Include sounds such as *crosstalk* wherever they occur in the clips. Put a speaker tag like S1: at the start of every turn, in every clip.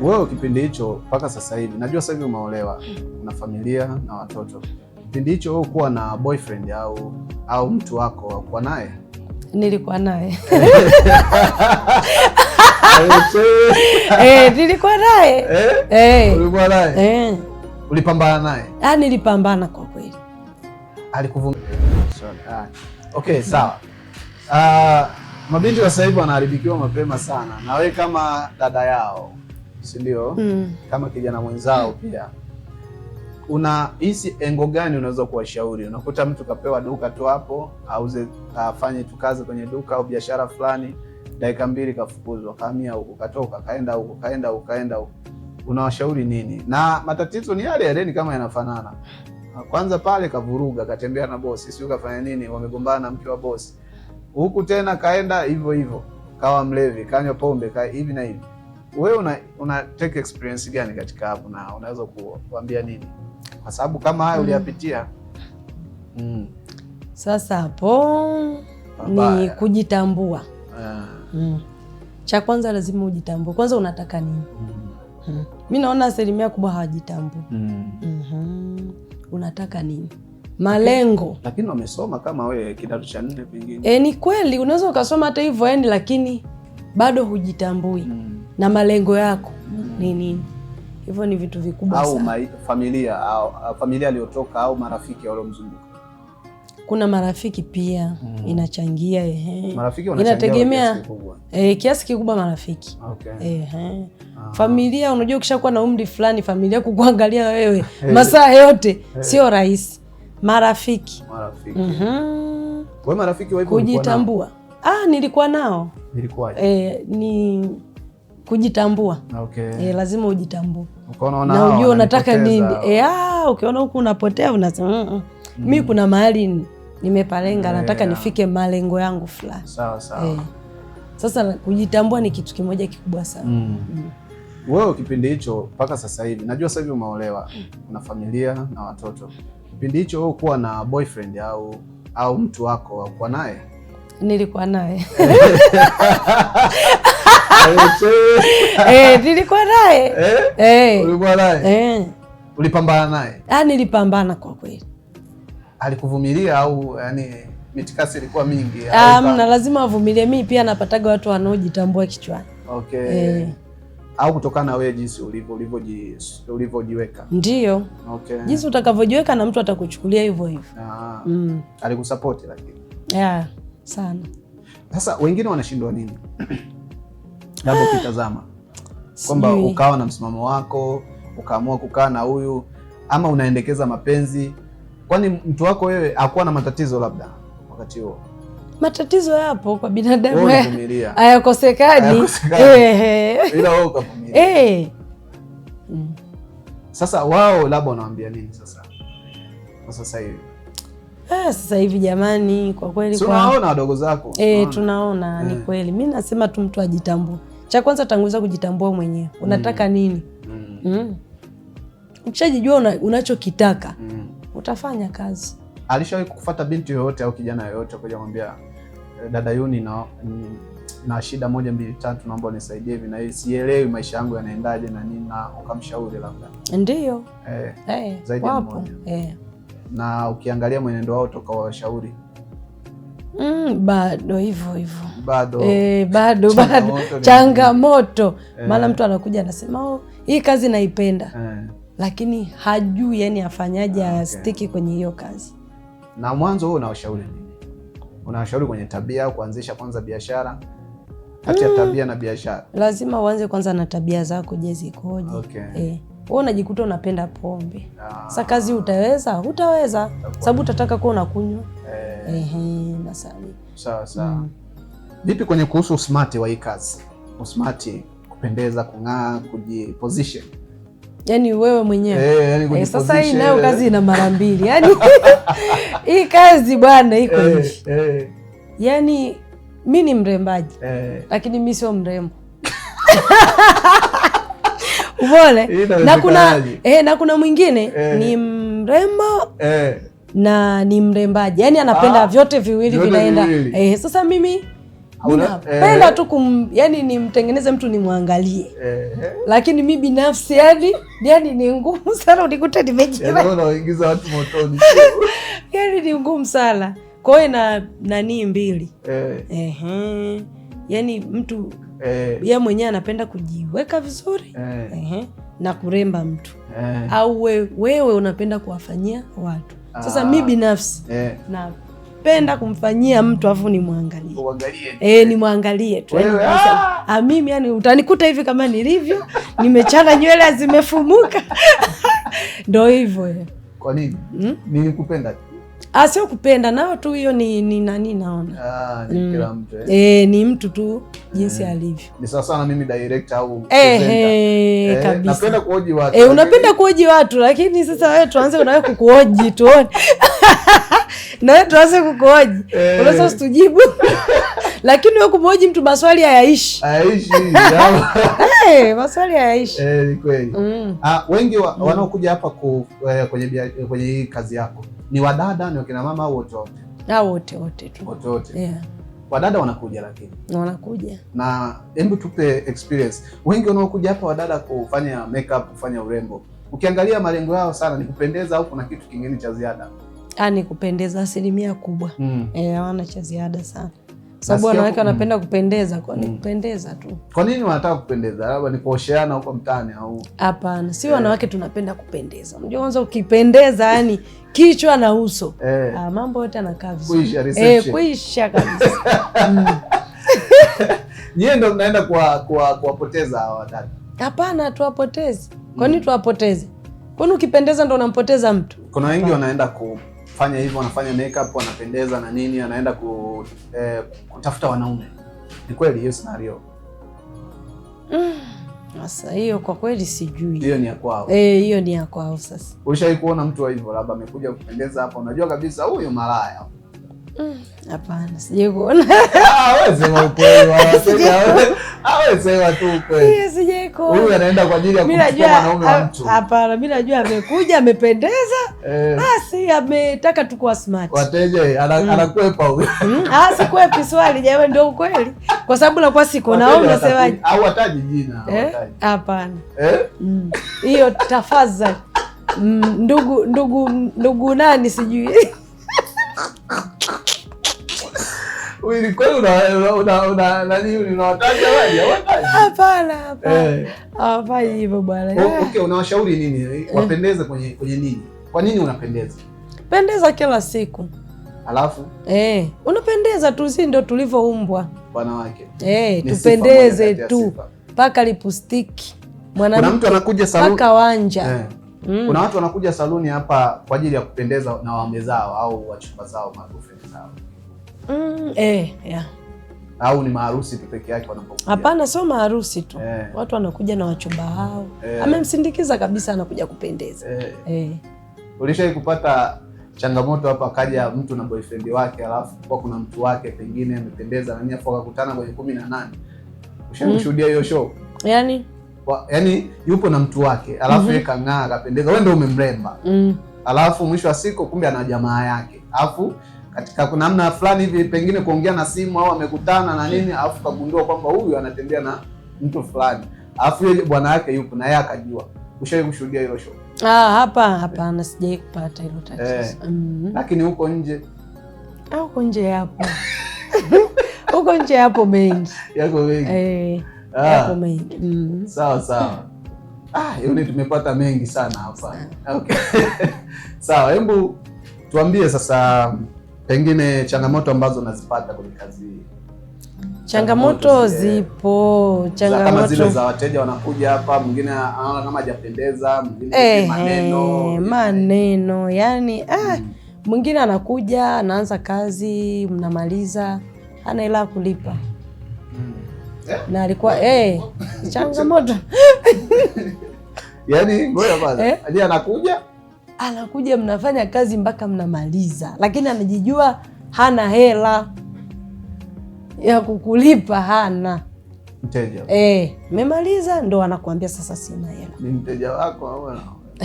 S1: wewe kipindi hicho mpaka sasa hivi, najua sasa hivi umeolewa, na familia na watoto, kipindi hicho wewe kuwa na boyfriend au au mtu wako kuwa naye?
S2: Nilikuwa naye *laughs* eh, nilikuwa naye eh? eh,
S1: ulikuwa naye eh, ulipambana naye?
S2: Ah, nilipambana kwa kweli,
S1: alikuvumilia. Ah. Okay, sawa. Uh, mabinti wa sasa hivi wanaharibikiwa mapema sana, na wewe kama dada yao si ndio? Mm. Kama kijana mwenzao pia unahisi engo gani unaweza kuwashauri? Unakuta mtu kapewa duka tu hapo, auze afanye tu kazi kwenye duka au biashara fulani, dakika mbili kafukuzwa, kahamia huko, katoka kaenda huko, kaenda huko, kaenda huko, unawashauri nini? Na matatizo ni yale yale, ni kama yanafanana. Kwanza pale kavuruga, katembea na bosi, sio kafanya nini, wamegombana na mke wa bosi, huku tena kaenda hivyo hivyo, kawa mlevi, kanywa pombe, kawa hivi na hivi wewe una, una take experience gani katika hapo na unaweza kuambia nini, kwa sababu kama haya mm. uliyapitia?
S2: mm. mm. Sasa hapo ni kujitambua. Ah. mm. Cha kwanza lazima ujitambue kwanza, unataka nini? mm. mm. Mi naona asilimia kubwa hawajitambui. mm. mm -hmm. Unataka nini? malengo
S1: lakini wamesoma kama wewe kidato cha nne pengine.
S2: E, ni kweli unaweza ukasoma hata hivyo yani, lakini bado hujitambui. mm na mm. malengo yako ni nini. Hivyo ni vitu vikubwa
S1: au ma Familia au familia aliyotoka au marafiki waliomzunguka,
S2: kuna marafiki pia mm. inachangia ehe. Marafiki inategemea eh, kiasi kikubwa marafiki
S1: okay. Ehe.
S2: Ah. Familia unajua, ukishakuwa na umri fulani familia kukuangalia wewe *laughs* masaa yote sio rahisi. Marafiki,
S1: marafiki. Mm Wewe marafiki
S2: kujitambua. Ah, nilikuwa nao Eh, ni kujitambua. Okay. E, lazima ujitambue na ujue unataka nini. Eh, ah, ukiona huku unapotea unasema mm -mm. Mm. Mi kuna mahali nimepalenga, yeah. Nataka nifike malengo yangu fulani.
S1: Sawa sawa. E.
S2: Sasa kujitambua ni kitu kimoja kikubwa sana. Mm. Mm.
S1: Wewe kipindi hicho mpaka sasa hivi, najua sasa hivi umeolewa, una familia na watoto. Kipindi hicho wewe kuwa na boyfriend au au mtu wako, kuwa naye?
S2: Nilikuwa naye *laughs* Eh, eh, nilikuwa naye. Eh?
S1: Ulikuwa naye? Ulipambana naye?
S2: Ah, nilipambana kwa kweli.
S1: Alikuvumilia au yani mitikasi ilikuwa mingi?
S2: Ah, lazima avumilie. mii pia napataga watu wanaojitambua kichwani.
S1: Okay. Eh. Au kutokana na wewe jinsi ulivyo ulivyojiweka. Ndio. Okay.
S2: Jinsi utakavyojiweka na mtu atakuchukulia hivyo hivyo. Ah.
S1: Mm. Alikusupport lakini.
S2: Yeah, sana.
S1: Sasa wengine wanashindwa nini? *clears throat* labda ah, ukitazama kwamba ukawa na msimamo wako ukaamua kukaa na huyu ama unaendekeza mapenzi, kwani mtu wako wewe hakuwa na matatizo labda wakati huo?
S2: Matatizo yapo kwa binadamu, hayakosekani
S1: ila wewe ukavumilia. Eh. Sasa wao labda wanawambia nini sasa kwa sasa hivi?
S2: Ah, sasa hivi jamani, kwa kweli
S1: kwa... wadogo zako
S2: eh, tunaona ni eh. kweli. Mi nasema tu mtu ajitambue cha kwanza tanguliza kujitambua mwenyewe, unataka mm. nini? mm. mm. Ukishajijua una, unachokitaka mm. utafanya kazi.
S1: Alishawahi kukufata binti yoyote au kijana yoyote kuja kumwambia eh, dada Yuni na, na shida moja mbili tatu, naomba unisaidie hivi na hivi, sielewi maisha yangu yanaendaje na nini, na ukamshauri labda? Ndio eh, hey,
S2: eh, zaidi wapo eh.
S1: Na ukiangalia mwenendo wao toka washauri
S2: Mm, bado hivyo hivyo bado e, bado bado changamoto eh. Maana mtu anakuja anasema oh, hii kazi naipenda eh, lakini hajui yani afanyaje ah, okay, astiki kwenye hiyo kazi.
S1: Na mwanzo wewe unawashauri nini? Unawashauri kwenye tabia, kuanzisha kwanza biashara kati ya mm, tabia na biashara
S2: lazima uanze kwanza na tabia zako, je, zikoje?
S1: Okay. E.
S2: Wewe unajikuta unapenda pombe, ah. sasa kazi utaweza? Utaweza sababu utataka kuwa unakunywa ehe, nasali.
S1: Sawa sawa. Mm. Vipi kwenye kuhusu usmati wa hii kazi, usmati, kupendeza, kung'aa, kujiposition
S2: yani wewe mwenyewe
S1: hey, eh, yani eh, sasa hii
S2: nayo kazi ina mara mbili yani *laughs* hii kazi bwana iko hey, eh, hivi hey. Yaani mi ni mrembaji hey. Lakini mi sio mrembo ubone
S1: *laughs* na kuna
S2: eh, na kuna mwingine hey. Ni mrembo hey na ni mrembaji, yani anapenda ah, vyote viwili vinaenda eh. Sasa mimi napenda eh, tu kum, yani nimtengeneze mtu nimwangalie eh, lakini mi binafsi yani yani ni ngumu sana unikute eh, nimejira *laughs* yani ni ngumu sana kwa hiyo na nanii mbili eh. Eh, yani mtu eh, ya mwenyewe anapenda kujiweka vizuri eh. Eh, na kuremba mtu eh, au we, wewe unapenda kuwafanyia watu sasa mi ah. binafsi yeah. napenda kumfanyia mtu afu nimwangalie, e, nimwangalie tu yaani ah! ah! mimi yani utanikuta hivi kama nilivyo *laughs* nimechana nywele zimefumuka *laughs* ndo hivyo.
S1: Kwa nini? Hmm?
S2: asio ah, kupenda nao tu, hiyo ni, ni nani naona ah, ni, mm. kila mtu, eh. E, ni mtu tu jinsi yeah. alivyo
S1: ni sawa sana mimi director au eh,
S2: eh, eh, kabisa
S1: napenda kuoji watu
S2: eh, unapenda kuoji watu lakini sasa wewe tuanze unawe kukuoji tuone *laughs* na wewe tuanze kukuoji eh. unaweza usitujibu *laughs* lakini wewe kumhoji mtu maswali hayaishi, hayaishi hey, *laughs* eh, maswali hayaishi
S1: eh, ni kweli mm. Ah, wengi wa, mm. wanaokuja hapa ku, eh, kwenye kwenye hii kazi yako ni wadada, ni wakina mama au wote wote?
S2: Ah, wote wote tu,
S1: wote wote yeah. Wadada wanakuja lakini
S2: wanakuja
S1: na, hebu tupe experience. Wengi wanaokuja hapa wadada kufanya makeup, kufanya urembo, ukiangalia malengo yao sana ni kupendeza au kuna kitu kingine cha ziada?
S2: Ah, ni kupendeza asilimia kubwa mm. Eh, hawana cha ziada sana sababu wanawake wanapenda mm. kupendeza, kwani mm. kupendeza tu.
S1: Kwa nini wanataka kupendeza? Labda ni kuosheana huko mtaani au?
S2: Hapana, si wanawake eh. tunapenda kupendeza. Unajua kwanza ukipendeza, yani *laughs* kichwa na uso eh. ah, mambo yote yanakaa
S1: vizuri. Eh,
S2: kuisha *laughs* kabisa mm.
S1: *laughs* Nyie ndo mnaenda kuwapoteza hawa wadada?
S2: Hapana, tuwapoteze Kwa nini mm. tuwapoteze? Kwani ukipendeza ndo unampoteza mtu?
S1: Kuna wengi wanaenda ku anafanya hivyo, anafanya makeup, anapendeza na nini, anaenda ku, eh, kutafuta wanaume. Ni kweli hiyo scenario?
S2: Ah, sasa hiyo kwa kweli sijui.
S1: Hiyo ni ya kwao.
S2: Eh, hiyo ni ya kwao sasa.
S1: Ushawahi kuona mtu wa hivyo labda amekuja kupendeza hapa, unajua kabisa huyu malaya.
S2: Mm. Hapana, sijai kuona. Hapana, mi najua amekuja amependeza, eh. basi ametaka tukuwa smart.
S1: Wateja mm. anakwepa huyo.
S2: Mm, sikwepi swali jawe, ndio ukweli, kwa sababu nakuwa siko nao. Unasemaje?
S1: Au hataji jina? Eh?
S2: Hapana, eh? hiyo tafadhali. Ndugu ndugu ndugu nani sijui hawafanyi hivyo bwana.
S1: Okay, unawashauri nini wapendeze kwenye kwenye nini? Kwa nini unapendeza?
S2: Pendeza kila siku alafu eh, unapendeza tu, si ndo tulivyoumbwa wanawake eh, tupendeze tu mpaka lipustiki mwanamke. Kuna mtu anakuja saluni mpaka wanja eh.
S1: Mm. Kuna watu wanakuja saluni hapa kwa ajili ya kupendeza na wame zao au wachumba zao, magofeni zao
S2: Mm. eh, eh yeah.
S1: Au ni maharusi tu peke yake wanapokuja?
S2: Hapana, sio maharusi tu eh. Watu wanakuja na wachumba hao eh. Amemsindikiza kabisa, anakuja kupendeza eh. Eh.
S1: Ulishai kupata changamoto hapa, akaja mtu na boyfriend wake, alafu kwa kuna mtu wake pengine amependeza na nini, afu akakutana kwenye kumi na nane. Ushamshuhudia mm. hiyo show? yani kwa, yani yupo na mtu wake alafu mm -hmm. kang'aa akapendeza, wewe ndio umemremba mm. Alafu mwisho wa siku kumbe ana jamaa yake alafu katika namna fulani hivi, pengine kuongea na simu au amekutana na nini, alafu kagundua kwamba huyu anatembea na mtu fulani, alafu yeye bwana yake yupo na yeye akajua. Ushawahi kushuhudia hilo show?
S2: Ah, hapa hapana, sijawahi kupata hilo tatizo. Eh.
S1: Mm-hmm. Lakini huko nje
S2: au ah, huko nje yapo *laughs* huko nje yapo mengi, yako mengi eh, ah. yako mengi. Mm-hmm.
S1: Sawa sawa. Ah, yoni tumepata mengi sana hapa. Okay. *laughs* Sawa, hebu tuambie sasa Pengine changamoto ambazo unazipata kwenye kazi hii?
S2: Changamoto, zipo, changamoto zile
S1: za wateja wanakuja hapa, mwingine anaona kama hajapendeza, mwingine
S2: maneno maneno yani ah, eh, hmm. mwingine anakuja anaanza kazi mnamaliza, hana hela kulipa hmm. yeah. na alikuwa eh, *laughs* changamoto
S1: *laughs* yani ngoja kwanza eh? anakuja
S2: anakuja mnafanya kazi mpaka mnamaliza, lakini anajijua hana hela ya kukulipa, hana mteja eh, memaliza ndo anakuambia sasa sina hela.
S1: Ni mteja wako au ana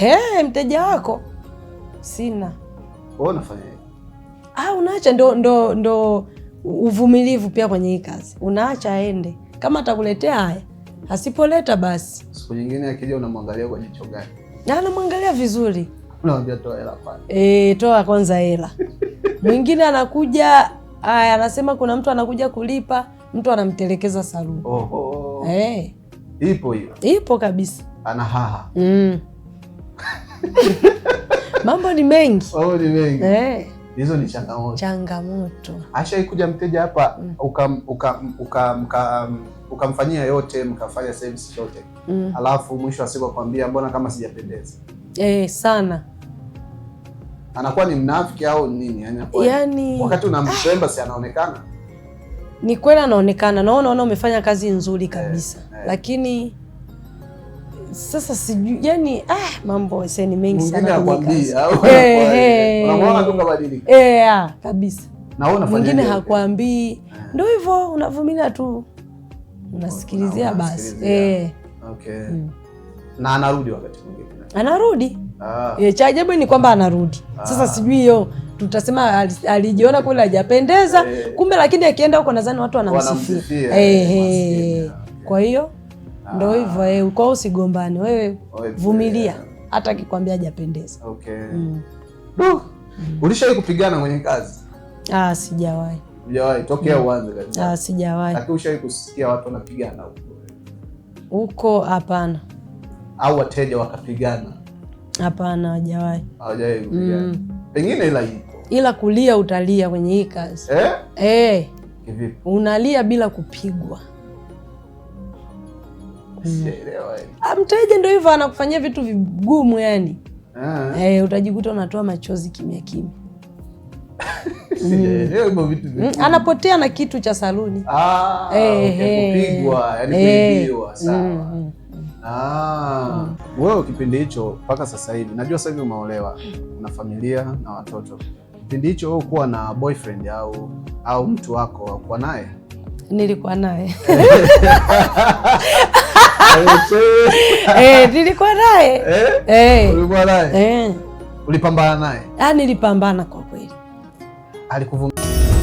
S2: eh, mteja wako sina, wewe unafanya ah, unaacha ndo, ndo, ndo uvumilivu pia kwenye hii kazi, unaacha aende. Kama atakuletea haya, asipoleta basi
S1: siku nyingine akija, unamwangalia kwa jicho gani?
S2: Na anamwangalia vizuri
S1: Unamwambia toa hela kwanza.
S2: Eh, toa kwanza hela. *laughs* Mwingine anakuja aya, anasema kuna mtu anakuja kulipa, mtu anamtelekeza saluni.
S1: Oh, oh. Eh. Ipo hiyo.
S2: Ipo kabisa.
S1: Ana haha.
S2: Mm. *laughs* Mambo ni mengi.
S1: Mambo ni mengi. Eh. Hizo ni changamoto.
S2: Changamoto.
S1: Ashaikuja mteja hapa mm. ukamfanyia yote mkafanya service yote mm. Alafu mwisho wa siku akwambia mbona kama sijapendeza?
S2: Eh, sana
S1: anakuwa ni mnafiki au nini? Yani, yani... wakati ah, si anaonekana
S2: ni kweli, anaonekana naona ona umefanya kazi nzuri eh, kabisa eh, eh. Lakini sasa sijui yani, ah, mambo seni ni mengi sana kabisa, mwingine hakwambii eh. Ndio hivyo unavumilia tu unasikilizia basi eh.
S1: Okay. Mm na anarudi wakati mwingine
S2: anarudi. Ah. E, cha ajabu ni kwamba anarudi. Ah. Sasa sijui hiyo tutasema alijiona kule hajapendeza eh. Kumbe lakini akienda huko nadhani watu wanamsifia eh, eh. Kwa hiyo ndo ah. hivyo eh, Kwa usigombane wewe, vumilia hata akikwambia hajapendeza.
S1: Okay. Mm. Uh, ulishawahi kupigana kwenye kazi?
S2: Ah, sijawahi.
S1: Sijawahi tokea mm. uanze kabisa.
S2: Ah, sijawahi.
S1: Lakini ushawahi kusikia watu wanapigana huko?
S2: Huko hapana
S1: au wateja wakapigana?
S2: Hapana, hawajawahi
S1: hawajawahi mm. kupigana mm. Pengine ila ipo,
S2: ila kulia utalia kwenye hii kazi eh? Eh. Unalia bila kupigwa mm. Mteja ndio hivyo anakufanyia vitu vigumu yani ah. Eh, utajikuta unatoa machozi kimya kimya
S1: *laughs* Mm. Mm.
S2: Anapotea na kitu cha saluni.
S1: Ah, eh, okay. Eh. Kupigwa, yani kuibiwa, eh. sawa. Mm, mm. Ah, wewe kipindi hicho mpaka sasa hivi najua sasa hivi umeolewa na familia na watoto. Kipindi hicho wewe kuwa na boyfriend au au mtu wako kuwa naye?
S2: Nilikuwa naye *laughs* eh, nilikuwa naye eh? eh, ulikuwa
S1: naye eh, ulipambana naye?
S2: Ah, nilipambana kwa kweli, alikuvumilia